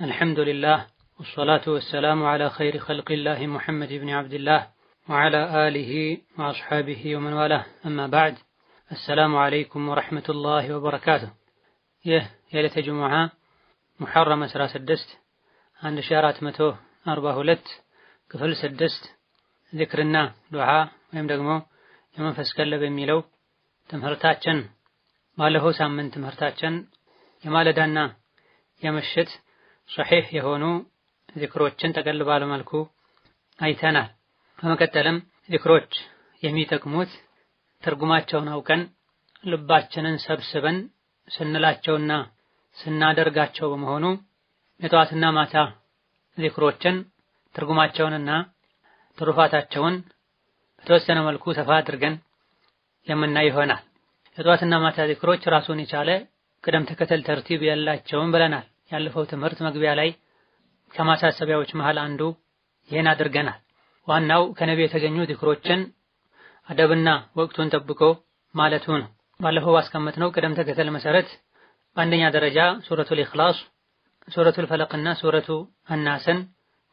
الحمد لله والصلاة والسلام على خير خلق الله محمد بن عبد الله وعلى آله وأصحابه ومن والاه أما بعد السلام عليكم ورحمة الله وبركاته يه يلت جمعة محرم سرا سدست عند شارات متو أربع هلت كفل سدست ذكرنا دعاء ويم دقمو بميلو تمهرتاتشن ما له سامن تمهرتاتشن يمال دانا يمشت ሰሒሕ የሆኑ ዚክሮችን ጠቀል ባለ መልኩ አይተናል። በመቀጠልም ዚክሮች የሚጠቅሙት ትርጉማቸውን አውቀን ልባችንን ሰብስበን ስንላቸውና ስናደርጋቸው በመሆኑ የጠዋትና ማታ ዚክሮችን ትርጉማቸውንና ትሩፋታቸውን በተወሰነ መልኩ ሰፋ አድርገን የምናይ ይሆናል። የጠዋትና ማታ ዚክሮች ራሱን የቻለ ቅደም ተከተል ተርቲብ ያላቸውን ብለናል። ያለፈው ትምህርት መግቢያ ላይ ከማሳሰቢያዎች መሃል አንዱ ይህን አድርገናል። ዋናው ከነቢ የተገኙ ዝክሮችን አደብና ወቅቱን ጠብቆ ማለቱ ነው። ባለፈው ባስቀመጥነው ቅደም ተከተል መሰረት በአንደኛ ደረጃ ሱረቱል ኢኽላስ፣ ሱረቱል ፈለቅና ሱረቱ አናስን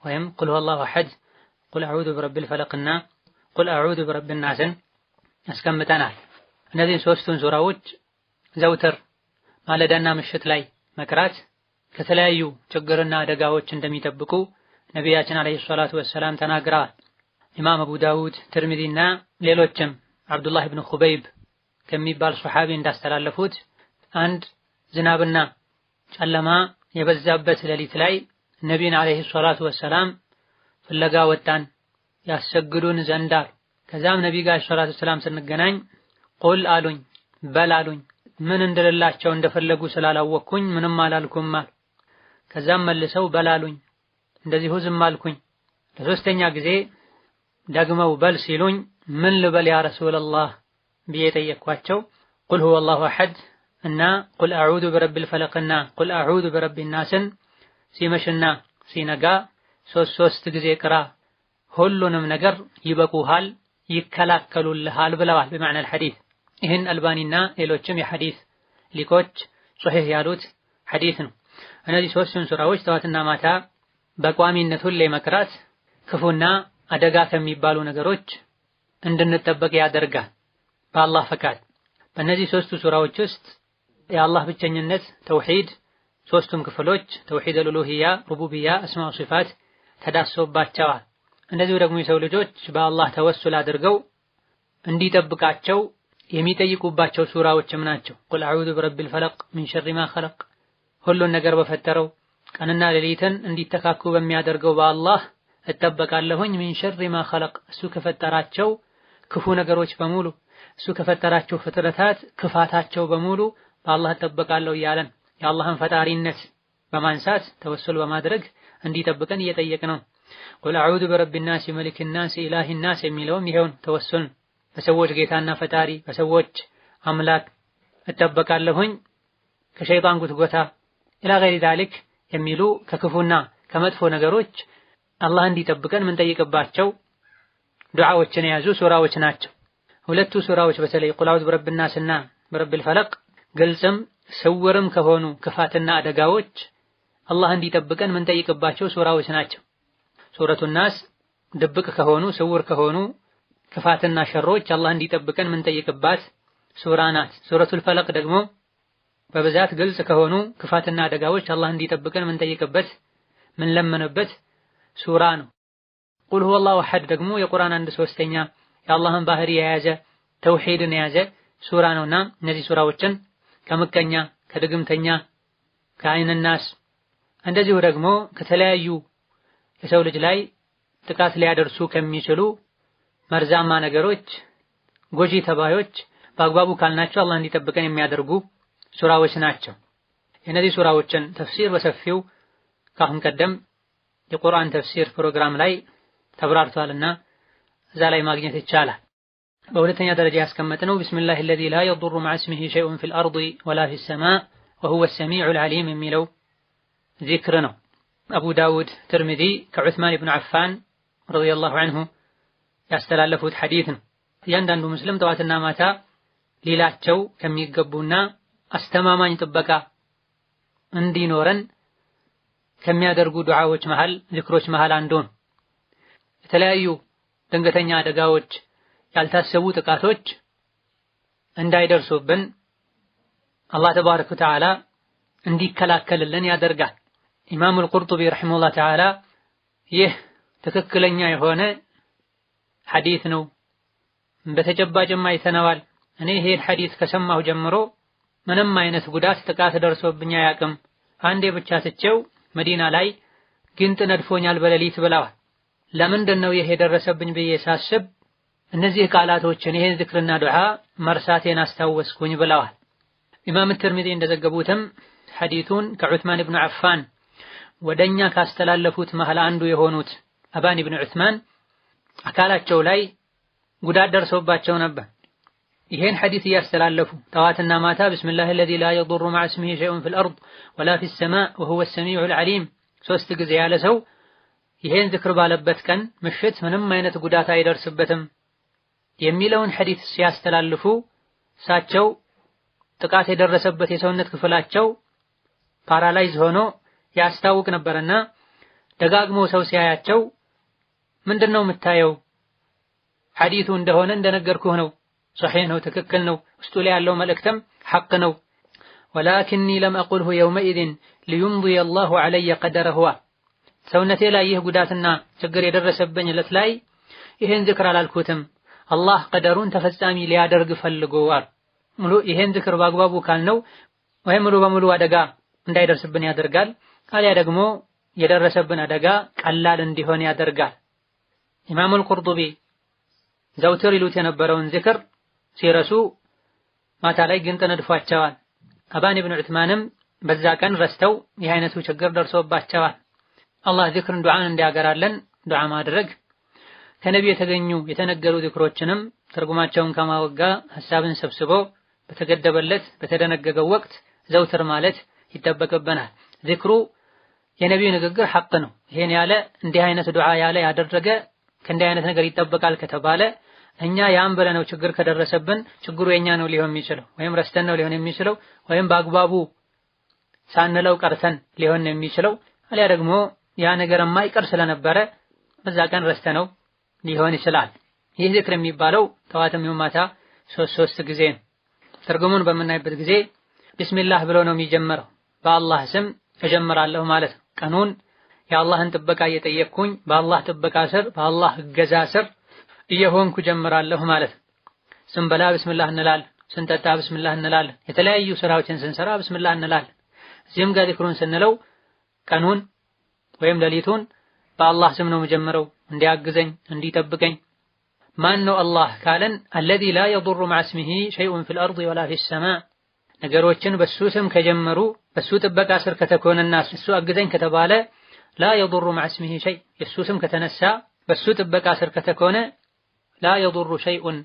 ወይም ቁል ሁወላሁ አሐድ፣ ቁል አዑዙ ቢረቢል ፈለቅና ቁል አዑዙ ቢረቢን ናስን አስቀምጠናል። እነዚህን ሶስቱን ሱራዎች ዘውትር ማለዳና ምሽት ላይ መቅራት ከተለያዩ ችግርና አደጋዎች እንደሚጠብቁ ነቢያችን አለይሂ ሰላቱ ወሰላም ተናግረዋል። ኢማም አቡ ዳውድ፣ ትርሚዚና ሌሎችም አብዱላህ ብን ኹበይብ ከሚባል ሱሐቢ እንዳስተላለፉት አንድ ዝናብና ጨለማ የበዛበት ሌሊት ላይ ነቢን አለይሂ ሰላቱ ወሰላም ፍለጋ ወጣን ያሰግዱን ዘንድ ከዛም ነቢ ጋር ሰላቱ ወሰላም ስንገናኝ ቁል አሉኝ፣ በል አሉኝ። ምን እንደሌላቸው እንደፈለጉ ስላላወቅኩኝ ምንም አላልኩም አሉ። ከዛም መልሰው በላሉኝ እንደዚሁ ዝም አልኩኝ። ለሶስተኛ ጊዜ ደግመው በል ሲሉኝ ምን ልበል ያ ረሱለላህ ብዬ ጠየቅኳቸው። ቁል ሁወ አሐድ እና ቁል አዑዙ ቢረቢል ፈለቅና ቁል አዑዙ ቢረቢናስን ሲመሽና ሲነጋ ሶስት ሶስት ጊዜ ቅራ፣ ሁሉንም ነገር ይበቁሃል፣ ይከላከሉልሃል ብለዋል። በመዕነል ሐዲስ ይህን አልባኒና ሌሎችም የሐዲስ ሊቆች ሶሒህ ያሉት ሐዲስ ነው። እነዚህ ሶስቱን ሱራዎች ጠዋትና ማታ በቋሚነት ሁሌ መቅራት ክፉና አደጋ ከሚባሉ ነገሮች እንድንጠበቅ ያደርጋል። በአላህ ፈቃድ በእነዚህ ሶስቱ ሱራዎች ውስጥ የአላህ ብቸኝነት ተውሂድ ሶስቱም ክፍሎች ተውሂድ አልኡሉሂያ፣ ሩቡቢያ፣ አስማ ሲፋት ተዳሶባቸዋል። እንደዚሁ ደግሞ የሰው ልጆች በአላህ ተወሱል አድርገው እንዲጠብቃቸው የሚጠይቁባቸው ሱራዎችም ናቸው። ቁል አዑዙ ቢረቢል ፈለቅ ሚን ሸሪ ማ ኸለቅ ሁሉን ነገር በፈጠረው ቀንና ሌሊትን እንዲተካኩ በሚያደርገው በአላህ እጠበቃለሁኝ። ሚን ሸሪ ማ ኸለቅ እሱ ከፈጠራቸው ክፉ ነገሮች በሙሉ እሱ ከፈጠራቸው ፍጥረታት ክፋታቸው በሙሉ በአላህ እጠበቃለሁ እያለን የአላህን ፈጣሪነት በማንሳት ተወሱል በማድረግ እንዲጠብቀን እየጠየቅ ነው። ቁል አዑዙ ቢረቢ ናስ፣ መሊክ ናስ፣ ኢላሂ ናስ የሚለውም ይሄውን ተወሱል በሰዎች ጌታና ፈጣሪ በሰዎች አምላክ እጠበቃለሁኝ ከሸይጣን ጉትጎታ ኢላ ገይሪ ዛሊክ የሚሉ ከክፉና ከመጥፎ ነገሮች አላህ እንዲጠብቀን የምንጠይቅባቸው ዱዓዎችን የያዙ ሱራዎች ናቸው። ሁለቱ ሱራዎች በተለይ ቁል አዑዙ ቢረቢናስና ቢረቢል ፈለቅ ግልጽም ስውርም ከሆኑ ክፋትና አደጋዎች አላህ እንዲጠብቀን የምንጠይቅባቸው ሱራዎች ናቸው። ሱረቱ ናስ ድብቅ ከሆኑ ስውር ከሆኑ ክፋትና ሸሮች አላህ እንዲጠብቀን የምንጠይቅባት ሱራ ናት። ሱረቱል ፈለቅ ደግሞ በብዛት ግልጽ ከሆኑ ክፋትና አደጋዎች አላህ እንዲጠብቀን ምንጠይቅበት ምንለመንበት ሱራ ነው። ቁል ሁወ አሐድ ደግሞ የቁርአን አንድ ሶስተኛ የአላህን ባህሪ የያዘ ተውሂድን የያዘ ሱራ ነውና እነዚህ ሱራዎችን ከምቀኛ፣ ከድግምተኛ፣ ከአይንናስ እንደዚሁ ደግሞ ከተለያዩ የሰው ልጅ ላይ ጥቃት ሊያደርሱ ከሚችሉ መርዛማ ነገሮች፣ ጎጂ ተባዮች በአግባቡ ካልናቸው አላህ እንዲጠብቀን የሚያደርጉ ሱራዎች ናቸው። የእነዚህ ሱራዎችን ተፍሲር በሰፊው ከአሁን ቀደም የቁርአን ተፍሲር ፕሮግራም ላይ ተብራርቷልና እዛ ላይ ማግኘት ይቻላል። በሁለተኛ ደረጃ ያስቀመጥነው ቢስሚላሂ አለዚ ላ የዱሩ መዐ ስሚሂ ሸይኡን ፊል አርዲ ወላ ፊ ሰማእ ወሁወ ሰሚዑል ዓሊም የሚለው ዚክር ነው። አቡ ዳውድ፣ ትርሚዚ ከዑስማን ብን ዓፋን ረዲየላሁ አንሁ ያስተላለፉት ሐዲት ነው። እያንዳንዱ ሙስልም ጠዋትና ማታ ሊላቸው ከሚገቡና አስተማማኝ ጥበቃ እንዲኖረን ከሚያደርጉ ዱዓዎች መሃል ዝክሮች መሃል አንዱ ነው። የተለያዩ ድንገተኛ አደጋዎች፣ ያልታሰቡ ጥቃቶች እንዳይደርሱብን አላህ ተባረከ ወተዓላ እንዲከላከልልን ያደርጋል። ኢማሙ አልቁርጡቢ ረሒመሁላህ ተዓላ ይህ ትክክለኛ የሆነ ሐዲት ነው፣ በተጨባጭም አይተነዋል። እኔ ይሄን ሐዲት ከሰማሁ ጀምሮ ምንም አይነት ጉዳት ጥቃት ደርሶብኝ አያውቅም። አንዴ ብቻ ስቼው መዲና ላይ ግንጥ ነድፎኛል በሌሊት ብለዋል። ለምንድን ነው ይሄ የደረሰብኝ ብዬ ሳስብ እነዚህ ቃላቶችን ይሄን ዝክርና ዱዓ መርሳቴን አስታወስኩኝ ብለዋል። ኢማም ትርሚዚ እንደዘገቡትም ሐዲቱን ከዑትማን ኢብኑ አፋን ወደኛ ካስተላለፉት መሃል አንዱ የሆኑት አባን ኢብኑ ዑትማን አካላቸው ላይ ጉዳት ደርሶባቸው ነበር። ይሄን ሐዲስ እያስተላለፉ ጠዋትና ማታ ብስሚላህ አለዚ ላ የዱሩ መዐ ስሚሂ ሸይኡን ፊል አርድ ወላ ፊስ ሰማእ ወሁወ ሰሚዑል ዓሊም ሶስት ጊዜ ያለ ሰው ይሄን ዝክር ባለበት ቀን ምሽት ምንም አይነት ጉዳት አይደርስበትም የሚለውን ሐዲስ ሲያስተላልፉ እሳቸው ጥቃት የደረሰበት የሰውነት ክፍላቸው ፓራላይዝ ሆኖ ያስታውቅ ነበርና ደጋግሞ ሰው ሲያያቸው ምንድነው የምታየው? ሐዲቱ እንደሆነ እንደነገርኩህ ነው ሶሒህ ነው፣ ትክክል ነው። ውስጡ ላይ ያለው መልእክትም ሐቅ ነው። ወላኪኒ ለም አቁልሁ የውመኢዝን ሊዩምዲየ አላሁ ዐለየ ቀደረ ሁዋ ሰውነቴ ላይ ይህ ጉዳትና ችግር የደረሰብኝ ዕለት ላይ ይህን ዝክር አላልኩትም፣ አላህ ቀደሩን ተፈጻሚ ሊያደርግ ፈልጎዋል። ሙሉ ይህን ዝክር በአግባቡ ካልነው ወይም ሙሉ በሙሉ አደጋ እንዳይደርስብን ያደርጋል። አሊያ ደግሞ የደረሰብን አደጋ ቀላል እንዲሆን ያደርጋል። ኢማሙል ቁርጡቢ ዘውትር ይሉት የነበረውን ዝክር ሲረሱ ማታ ላይ ግን ተነድፏቸዋል። አባን ኢብኑ ዑትማንም በዛ ቀን ረስተው ይህ አይነቱ ችግር ደርሶባቸዋል። አላህ ዚክርን ዱዓን እንዲያገራለን ዱዓ ማድረግ ከነቢ የተገኙ የተነገሩ ዚክሮችንም ትርጉማቸውን ከማወጋ ሐሳብን ሰብስቦ በተገደበለት በተደነገገው ወቅት ዘውትር ማለት ይጠበቅብናል። ዚክሩ የነቢዩ ንግግር ሐቅ ነው። ይሄን ያለ እንዲህ አይነት ዱዓ ያለ ያደረገ ከእንዲህ አይነት ነገር ይጠበቃል ከተባለ እኛ ያን ብለ ነው ችግር ከደረሰብን ችግሩ የኛ ነው ሊሆን የሚችለው ወይም ረስተን ነው ሊሆን የሚችለው ወይም በአግባቡ ሳንለው ቀርተን ሊሆን የሚችለው አሊያ ደግሞ ያ ነገር የማይቀር ስለነበረ በዛ ቀን ረስተ ነው ሊሆን ይችላል። ይህ ዝክር የሚባለው ጠዋትም ይሁን ማታ ሶስት ሶስት ጊዜ ነው። ትርጉሙን በምናይበት ጊዜ ቢስሚላህ ብሎ ነው የሚጀመረው። በአላህ ስም እጀምራለሁ ማለት ነው። ቀኑን የአላህን ጥበቃ እየጠየቅኩኝ በአላህ ጥበቃ ስር በአላህ እገዛ ስር እየሆንኩ ጀምራለሁ ማለት ነው። ስንበላ ብስምላህ እንላለን፣ ስንጠጣ ብስምላህ እንላለን፣ የተለያዩ ስራዎችን ስንሰራ ብስምላህ እንላለን። እዚህም ጋር ዚክሩን ስንለው ቀኑን ወይም ሌሊቱን በአላህ ስም ነው የምጀምረው እንዲያግዘኝ እንዲጠብቀኝ። ማን ነው አላህ ካለን አለዚ ላ የዱሩ መዓ ስሚሂ ሸይኡን ፊል አርዲ ወላ ፊ ሰማዕ ነገሮችን በሱ ስም ከጀመሩ በሱ ጥበቃ ስር ከተኮነና እሱ አግዘኝ ከተባለ ላ የዱሩ መዓ ስሚሂ ሸይ የሱ ስም ከተነሳ በሱ ጥበቃ ስር ከተኮነ ላ የዱሩ ሸይኡን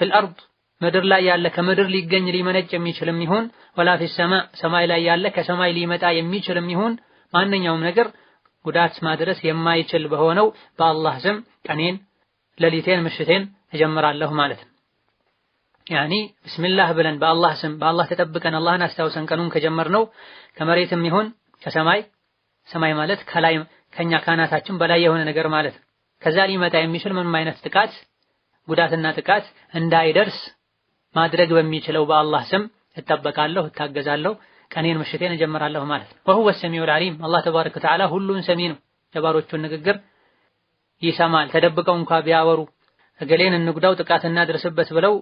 ፊል አርድ ምድር ላይ ያለ ከምድር ሊገኝ ሊመነጭ የሚችልም ይሁን ወላ ፊ ሰማ ሰማይ ላይ ያለ ከሰማይ ሊመጣ የሚችልም ይሁን ማንኛውም ነገር ጉዳት ማድረስ የማይችል በሆነው በአላህ ስም ቀኔን ሌሊቴን ምሽቴን እጀምራለሁ ማለት ነው። ያኒ ብስሚላህ ብለን በአላህ ስም በአላህ ተጠብቀን አላህን አስታውሰን ቀኑን ከጀመርነው ከመሬትም ይሁን ከሰማይ ሰማይ ማለት ከላይ ከኛ ካናታችን በላይ የሆነ ነገር ማለት ነው። ከዛ ሊመጣ የሚችል ምንም አይነት ጥቃት ጉዳትና ጥቃት እንዳይደርስ ማድረግ በሚችለው በአላህ ስም እጠበቃለሁ፣ እታገዛለሁ፣ ቀኔን ምሽቴን እጀምራለሁ ማለት ነው። ወሁወ ሰሚዑል ዓሊም አላህ ተባረከ ወተዓላ ሁሉን ሰሚ ነው። የባሮቹን ንግግር ይሰማል። ተደብቀው እንኳ ቢያወሩ እገሌን እንጉዳው ጥቃት እናድርስበት ብለው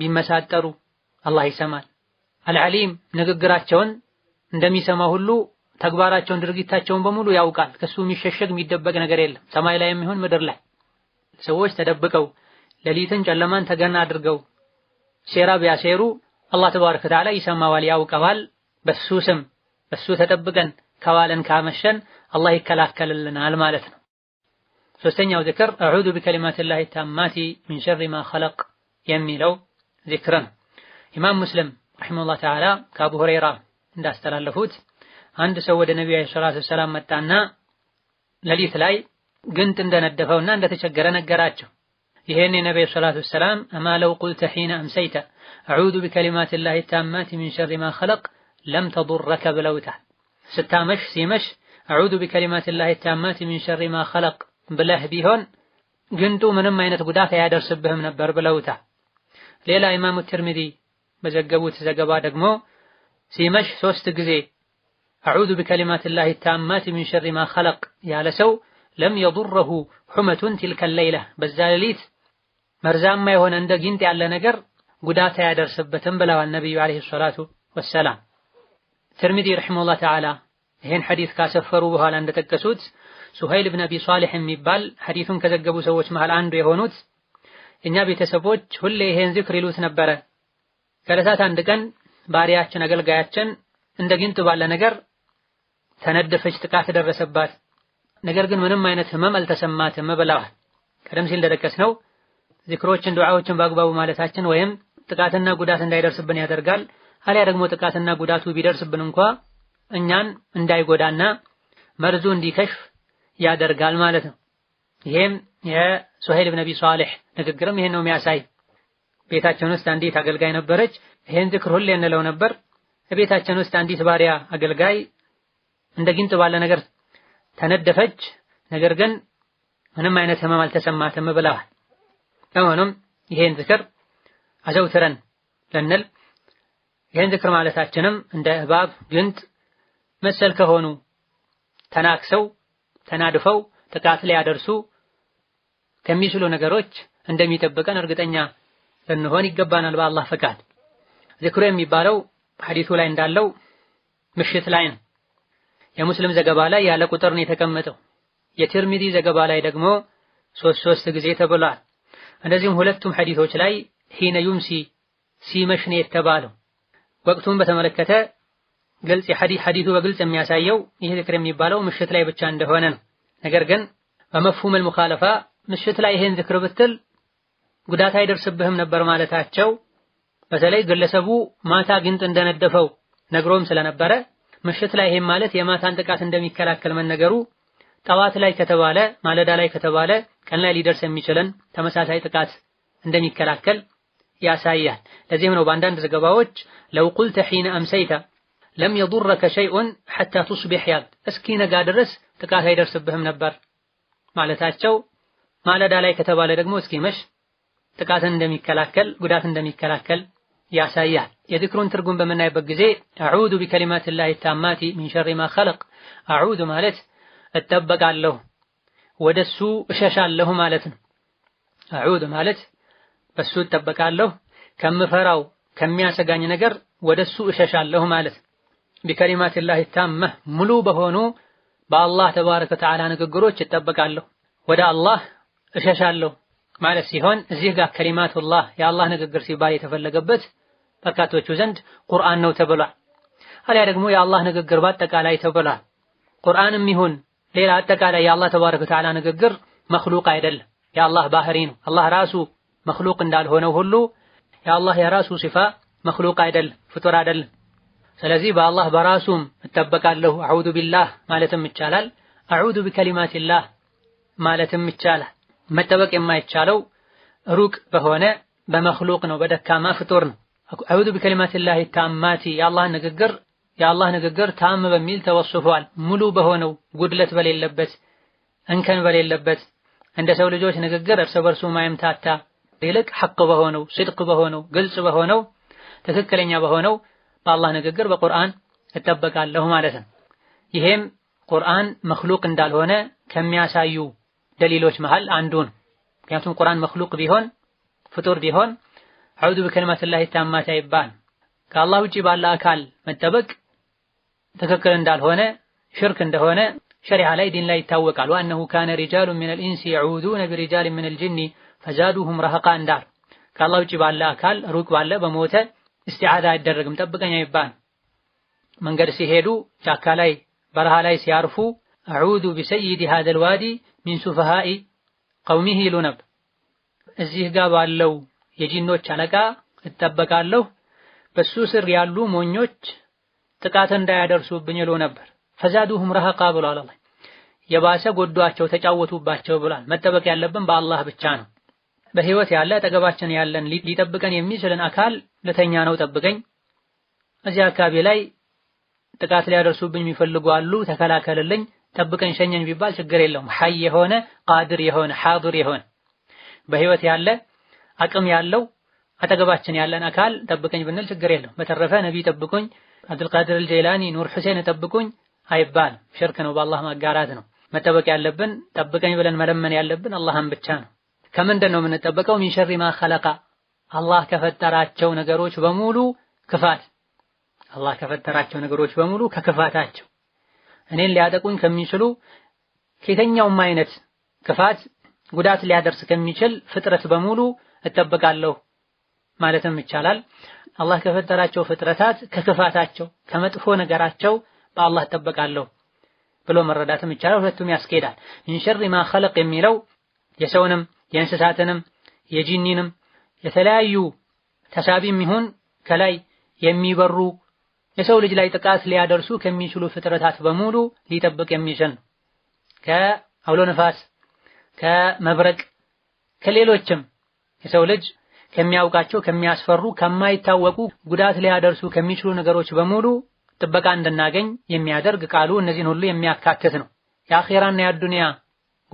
ቢመሳጠሩ አላህ ይሰማል። አልዓሊም ንግግራቸውን እንደሚሰማ ሁሉ ተግባራቸውን ድርጊታቸውን በሙሉ ያውቃል። ከሱ የሚሸሸግ የሚደበቅ ነገር የለም። ሰማይ ላይ የሚሆን ምድር ላይ ሰዎች ተደብቀው ሌሊትን ጨለማን ተገና አድርገው ሴራ ቢያሴሩ አላህ ተባረከ ወተዓላ ይሰማዋል፣ ያውቀዋል። በሱ ስም በሱ ተጠብቀን ከዋለን ካመሸን አላህ ይከላከልልናል ማለት ነው። ሶስተኛው ዝክር አዑዙ ቢከሊማቲላሂ ታማቲ ሚን ሸሪ ማ ኸለቅ የሚለው ዚክር ነው። ኢማም ሙስሊም ረሒመሁላህ ተዓላ ከአቡ ሁረይራ እንዳስተላለፉት አንድ ሰው ወደ ነቢዩ ዓለይሂ ሰላቱ ወሰላም መጣና ሌሊት ላይ ግንጥ እንደነደፈውና እንደተቸገረ ነገራቸው። يهني النبي صلى الله عليه وسلم أما لو قلت حين أمسيت أعوذ بكلمات الله التامات من شر ما خلق لم تضرك بلوته ستامش سيمش أعوذ بكلمات الله التامات من شر ما خلق بله بيهن جنتو من ما ينتبداك يا درس بهم نبر بلوته ليلى إمام الترمذي بزقبو تزقبا دقمو سيمش سوستقزي أعوذ بكلمات الله التامات من شر ما خلق يا لسو لم يضره حمة تلك الليلة بزاليث መርዛማ የሆነ እንደ ጊንጥ ያለ ነገር ጉዳት አያደርስበትም ብለዋል ነቢዩ ዓለይሂ ሰላቱ ወሰላም። ትርሚዚ ረሒመሁላህ ተዓላ ይሄን ሐዲት ካሰፈሩ በኋላ እንደጠቀሱት ሱሀይል ብን አቢ ሷሊሕ የሚባል ሐዲቱን ከዘገቡ ሰዎች መሃል አንዱ የሆኑት እኛ ቤተሰቦች ሁሌ ይሄን ዝክር ይሉት ነበረ። ከዕለታት አንድ ቀን ባሪያችን አገልጋያችን እንደ ጊንጥ ባለ ነገር ተነደፈች፣ ጥቃት ደረሰባት። ነገር ግን ምንም አይነት ህመም አልተሰማትም ብለዋል። ቀደም ሲል እንደጠቀስነው ዚክሮችን፣ ዱዓዎችን በአግባቡ ማለታችን ወይም ጥቃትና ጉዳት እንዳይደርስብን ያደርጋል። አሊያ ደግሞ ጥቃትና ጉዳቱ ቢደርስብን እንኳ እኛን እንዳይጎዳና መርዙ እንዲከሽፍ ያደርጋል ማለት ነው። ይሄም የሱሄል ብን ነቢ ሷሊሕ ንግግርም ይሄን ነው የሚያሳይ። ቤታችን ውስጥ አንዲት አገልጋይ ነበረች። ይሄን ዚክር ሁሌ እንለው ነበር። ቤታችን ውስጥ አንዲት ባሪያ አገልጋይ እንደ ጊንጥ ባለ ነገር ተነደፈች። ነገር ግን ምንም አይነት ህመም አልተሰማትም ብለዋል። ለሆነም ይሄን ዝክር አዘውትረን ልንል ይህን ዝክር ማለታችንም እንደ እባብ፣ ግንጥ መሰል ከሆኑ ተናክሰው ተናድፈው ጥቃት ሊያደርሱ ከሚችሉ ነገሮች እንደሚጠብቀን እርግጠኛ ልንሆን ይገባናል። በአላህ ፈቃድ ዝክሩ የሚባለው ሐዲቱ ላይ እንዳለው ምሽት ላይ ነው። የሙስሊም ዘገባ ላይ ያለ ቁጥር ነው የተቀመጠው። የትርሚዚ ዘገባ ላይ ደግሞ ሶስት ሶስት ጊዜ ተብሏል። እንደዚሁም ሁለቱም ሐዲሶች ላይ ሂነ ዩምሲ ሲመሽ ነው የተባለው። ወቅቱን በተመለከተ ግልጽ ሐዲሱ በግልጽ የሚያሳየው ይህ ዝክር የሚባለው ምሽት ላይ ብቻ እንደሆነ ነው። ነገር ግን በመፍሁም አልሙኻለፋ ምሽት ላይ ይህን ዝክር ብትል ጉዳት አይደርስብህም ነበር ማለታቸው በተለይ ግለሰቡ ማታ ግንጥ እንደነደፈው ነግሮም ስለነበረ ምሽት ላይ ይሄን ማለት የማታን ጥቃት እንደሚከላከል መነገሩ ጠዋት ላይ ከተባለ ማለዳ ላይ ከተባለ ቀን ላይ ሊደርስ የሚችልን ተመሳሳይ ጥቃት እንደሚከላከል ያሳያል። ለዚህም ነው በአንዳንድ ዘገባዎች ለው ቁልተ ሒነ አምሰይተ ለም የዱረከ ሸይኡን ሐታ ቱስቢሕ ያል እስኪ ነጋ ድረስ ጥቃት አይደርስብህም ነበር ማለታቸው። ማለዳ ላይ ከተባለ ደግሞ እስኪ መሽ ጥቃትን እንደሚከላከል ጉዳት እንደሚከላከል ያሳያል። የዚክሩን ትርጉም በምናይበት ጊዜ አዑዙ ቢከሊማቲላሂ ታማቲ ሚን ሸሪ ማ ኸለቅ አዑዙ ማለት እጠበቃለሁ፣ ወደ እሱ እሸሻለሁ ማለት ነው። አዑድ ማለት በሱ እጠበቃለሁ፣ ከምፈራው ከሚያሰጋኝ ነገር ወደ እሱ እሸሻለሁ ማለት ቢከሊማቲላሂ ታማህ ሙሉ በሆኑ በአላህ ተባረከ ወተዓላ ንግግሮች እጠበቃለሁ፣ ወደ አላህ እሸሻለሁ ማለት ሲሆን እዚህ ጋር ከሊማቱላህ የአላህ ንግግር ሲባል የተፈለገበት በርካቶቹ ዘንድ ቁርአን ነው ተብሏል። አሊያ ደግሞ የአላህ ንግግር በአጠቃላይ ተብሏል። ቁርአንም ይሁን ሌላ አጠቃላይ የአላህ ተባረከ ወተዓላ ንግግር መክሉቅ አይደለም፣ የአላህ ባህሪ ነው። አላህ ራሱ መክሉቅ እንዳልሆነው ሁሉ የአላህ የራሱ ሲፋ መክሉቅ አይደለም፣ ፍጡር አይደለም። ስለዚህ በአላህ በራሱም እጠበቃለሁ አዑዙ ቢላህ ማለትም ይቻላል። አዑዙ ቢከሊማቲላህ ማለትም ይቻላል። መጠበቅ የማይቻለው ሩቅ በሆነ በመክሉቅ ነው፣ በደካማ ፍጡር ነው። አዑዙ ቢከሊማቲላህ ታማቲ የአላህን ንግግር የአላህ ንግግር ታም በሚል ተወስፏል። ሙሉ በሆነው ጉድለት በሌለበት እንከን በሌለበት እንደ ሰው ልጆች ንግግር እርስ በርሱ ማይምታታ ይልቅ ሐቅ በሆነው ስድቅ በሆነው ግልጽ በሆነው ትክክለኛ በሆነው በአላህ ንግግር በቁርአን እጠበቃለሁ ማለት ነው። ይሄም ቁርአን መክሉቅ እንዳልሆነ ከሚያሳዩ ደሊሎች መሃል አንዱ ነው። ምክንያቱም ቁርአን መክሉቅ ቢሆን ፍጡር ቢሆን አዑዙ ቢከሊማቲላሂ ታማት አይባል። ከአላህ ውጪ ባለ አካል መጠበቅ ትክክል እንዳልሆነ ሽርክ እንደሆነ ሸሪዓ ላይ ዲን ላይ ይታወቃል። ወአነሁ ካነ ሪጃሉ ሚነል ኢንሲ የዑዙነ ቢሪጃሊን ሚነል ጂኒ ፈዛዱሁም ረሃቃ እንዳል ከአላህ ውጭ ባለ አካል ሩቅ ባለ በሞተ ኢስቲዓዛ አይደረግም፣ ጠብቀኝ አይባል። መንገድ ሲሄዱ ጫካ ላይ በረሃ ላይ ሲያርፉ አዑዙ ቢሰይድ ሃዘል ዋዲ ሚን ሱፈሃኢ ቀውሚህ ይሉ ነበር። እዚህ ጋር ባለው የጂኖች አለቃ እጠበቃለሁ፣ በሱ ስር ያሉ ሞኞች ጥቃት እንዳያደርሱብኝ ይሉ ነበር። ፈዛዱሁም ረሃቃ ብሏል አላህ። የባሰ ጎዷቸው ተጫወቱባቸው ብሏል። መጠበቅ ያለብን በአላህ ብቻ ነው። በህይወት ያለ አጠገባችን ያለን ሊጠብቀን የሚችልን አካል ልተኛ ነው ጠብቀኝ፣ እዚያ አካባቢ ላይ ጥቃት ሊያደርሱብኝ የሚፈልጉ አሉ፣ ተከላከልልኝ፣ ጠብቀኝ፣ ሸኘኝ ቢባል ችግር የለውም። ሐይ የሆነ ቃድር የሆነ ሐድር የሆነ በህይወት ያለ አቅም ያለው አጠገባችን ያለን አካል ጠብቀኝ ብንል ችግር የለውም። በተረፈ ነቢ ጠብቁኝ አብዱልቃድር አልጀይላኒ ኑር ሁሴን ጠብቁኝ አይባል። ሽርክ ነው፣ በአላህ ማጋራት ነው። መጠበቅ ያለብን ጠብቀኝ ብለን መለመን ያለብን አላህን ብቻ ነው። ከምንድን ነው የምንጠበቀው? ሚን ሸሪ ማ ኸለቃ አላህ ከፈጠራቸው ነገሮች በሙሉ ክፋት፣ አላህ ከፈጠራቸው ነገሮች በሙሉ ከክፋታቸው እኔን ሊያጠቁኝ ከሚችሉ ከየተኛውም አይነት ክፋት ጉዳት ሊያደርስ ከሚችል ፍጥረት በሙሉ እጠበቃለሁ ማለትም ይቻላል። አላህ ከፈጠራቸው ፍጥረታት ከክፋታቸው ከመጥፎ ነገራቸው በአላህ እጠበቃለሁ ብሎ መረዳትም ይቻላል። ሁለቱም ያስኬዳል። ሚንሸር ማ ኸለቅ የሚለው የሰውንም የእንስሳትንም የጂኒንም የተለያዩ ተሳቢ የሚሆን ከላይ የሚበሩ የሰው ልጅ ላይ ጥቃት ሊያደርሱ ከሚችሉ ፍጥረታት በሙሉ ሊጠብቅ የሚችል ነው። ከአውሎ ነፋስ፣ ከመብረቅ፣ ከሌሎችም የሰው ልጅ ከሚያውቃቸው ከሚያስፈሩ፣ ከማይታወቁ ጉዳት ሊያደርሱ ከሚችሉ ነገሮች በሙሉ ጥበቃ እንድናገኝ የሚያደርግ ቃሉ እነዚህን ሁሉ የሚያካትት ነው። የአኼራና የአዱንያ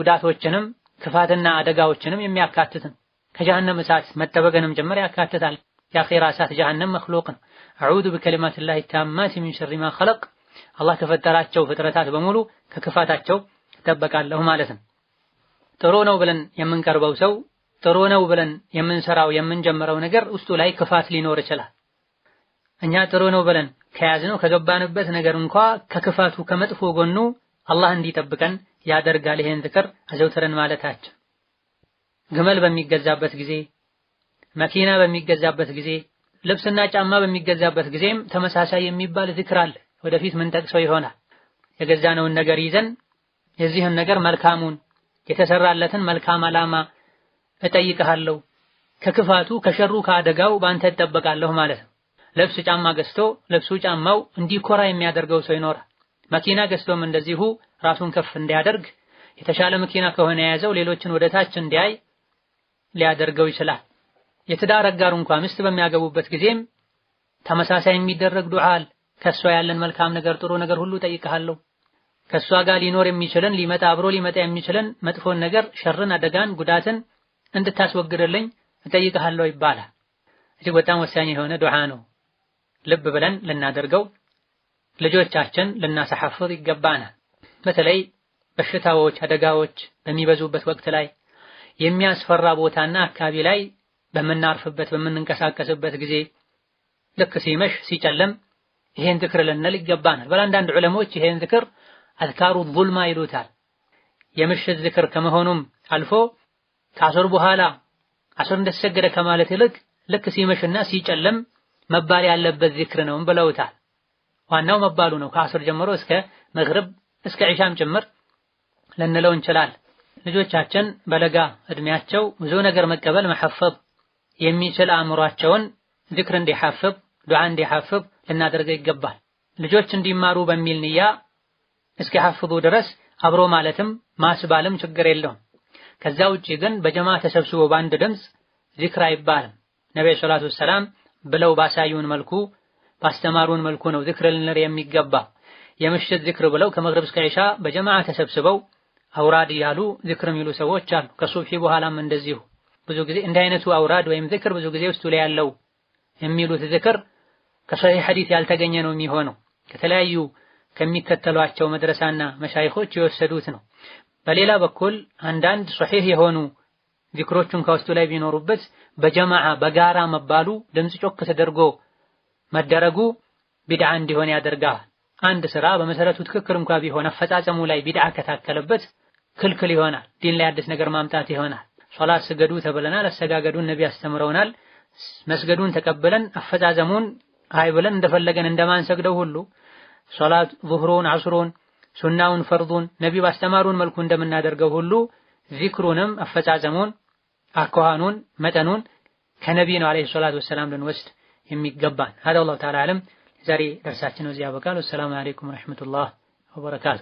ጉዳቶችንም ክፋትና አደጋዎችንም የሚያካትት ነው። ከጀሃነም እሳት መጠበቅንም ጭምር ያካትታል። የአኼራ እሳት ጀሃነም መክሉቅ ነው። አዑዙ ቢከሊማቲላሂ ታማቲ ሚን ሸሪ ማ ኸለቅ አላህ ከፈጠራቸው ፍጥረታት በሙሉ ከክፋታቸው እጠበቃለሁ ማለት ነው። ጥሩ ነው ብለን የምንቀርበው ሰው ጥሩ ነው ብለን የምንሰራው የምንጀምረው ነገር ውስጡ ላይ ክፋት ሊኖር ይችላል። እኛ ጥሩ ነው ብለን ከያዝነው ከገባንበት ነገር እንኳ ከክፋቱ ከመጥፎ ጎኑ አላህ እንዲጠብቀን ያደርጋል። ይሄን ዝክር አዘውትረን ማለታችን ግመል በሚገዛበት ጊዜ፣ መኪና በሚገዛበት ጊዜ፣ ልብስና ጫማ በሚገዛበት ጊዜም ተመሳሳይ የሚባል ዝክር አለ። ወደፊት ምን ጠቅሰው ይሆናል። የገዛነውን ነገር ይዘን የዚህን ነገር መልካሙን የተሰራለትን መልካም አላማ። እጠይቅሃለሁ፣ ከክፋቱ ከሸሩ ከአደጋው በአንተ እጠበቃለሁ ማለት ነው። ልብስ ጫማ ገዝቶ ልብሱ ጫማው እንዲኮራ የሚያደርገው ሰው ይኖራል። መኪና ገዝቶም እንደዚሁ ራሱን ከፍ እንዲያደርግ የተሻለ መኪና ከሆነ የያዘው ሌሎችን ወደ ታች እንዲያይ ሊያደርገው ይችላል። የትዳር አጋሩ እንኳ ሚስት በሚያገቡበት ጊዜም ተመሳሳይ የሚደረግ ዱዓል ከሷ ያለን መልካም ነገር ጥሩ ነገር ሁሉ ጠይቀሃለሁ፣ ከሷ ጋር ሊኖር የሚችልን ሊመጣ አብሮ ሊመጣ የሚችልን መጥፎን ነገር ሸርን፣ አደጋን፣ ጉዳትን እንድታስወግድልኝ እጠይቅሃለሁ ይባላል። እጅግ በጣም ወሳኝ የሆነ ዱዓ ነው። ልብ ብለን ልናደርገው፣ ልጆቻችን ልናሰሐፍር ይገባናል። በተለይ በሽታዎች፣ አደጋዎች በሚበዙበት ወቅት ላይ የሚያስፈራ ቦታና አካባቢ ላይ በምናርፍበት በምንንቀሳቀስበት ጊዜ ልክ ሲመሽ ሲጨለም ይሄን ዝክር ልንል ይገባናል። በአንዳንድ ዑለሞች ይሄን ዝክር አዝካሩ ዙልማ ይሉታል። የምሽት ዝክር ከመሆኑም አልፎ ከአስር በኋላ አስር እንደተሰገደ ከማለት ይልቅ ልክ ሲመሽና ሲጨለም መባል ያለበት ዚክር ነው ብለውታል። ዋናው መባሉ ነው። ከአስር ጀምሮ እስከ መግሪብ እስከ ዒሻም ጭምር ልንለው እንችላል። ልጆቻችን በለጋ እድሜያቸው ብዙ ነገር መቀበል መሐፈብ የሚችል አእምሯቸውን ዚክር እንዲሐፍብ፣ ዱዓ እንዲሐፍብ ልናደርገው ይገባል። ልጆች እንዲማሩ በሚል ንያ እስኪሐፍቡ ድረስ አብሮ ማለትም ማስባልም ችግር የለውም። ከዛ ውጪ ግን በጀማ ተሰብስቦ በአንድ ድምፅ ዚክር አይባልም። ነብዩ ሰለላሁ ዐለይሂ ወሰለም ብለው ባሳዩን መልኩ ባስተማሩን መልኩ ነው ዚክር ልንል የሚገባ። የምሽት ዚክር ብለው ከመግሪብ እስከ ኢሻ በጀማ ተሰብስበው አውራድ እያሉ ዚክር የሚሉ ሰዎች አሉ። ከሱብሂ በኋላም እንደዚሁ ብዙ ጊዜ እንደ አይነቱ አውራድ ወይም ዚክር ብዙ ጊዜ ውስጡ ላይ ያለው የሚሉት ዚክር ከሶሒህ ሐዲስ ያልተገኘ ነው የሚሆነው ከተለያዩ ከሚከተሏቸው መድረሳና መሻይኾች የወሰዱት ነው። በሌላ በኩል አንዳንድ ሶሒህ የሆኑ ዚክሮቹን ከውስጡ ላይ ቢኖሩበት በጀማዓ በጋራ መባሉ ድምፅ ጮክ ተደርጎ መደረጉ ቢድዓ እንዲሆን ያደርጋል። አንድ ስራ በመሰረቱ ትክክል እንኳ ቢሆን አፈጻጸሙ ላይ ቢድዓ ከታከለበት ክልክል ይሆናል። ዲን ላይ አዲስ ነገር ማምጣት ይሆናል። ሶላት ስገዱ ተብለናል። አሰጋገዱን ነቢ አስተምረውናል። መስገዱን ተቀብለን አፈጻጸሙን አይ ብለን እንደፈለገን እንደማንሰግደው ሁሉ ሶላት ዙህሩን፣ አስሩን ሱናውን ፈርዱን ነቢ ባስተማሩን መልኩ እንደምናደርገው ሁሉ ዚክሩንም አፈጻጸሙን አኳኋኑን መጠኑን ከነቢ ነው አለይሂ ሰላቱ ወሰላም ልንወስድ የሚገባን። ሀዳ ወላሁ ተዓላ አለም። ዛሬ ደርሳችን እዚህ ያበቃል። ወሰላሙ አለይኩም ወረሕመቱላህ ወበረካቱ።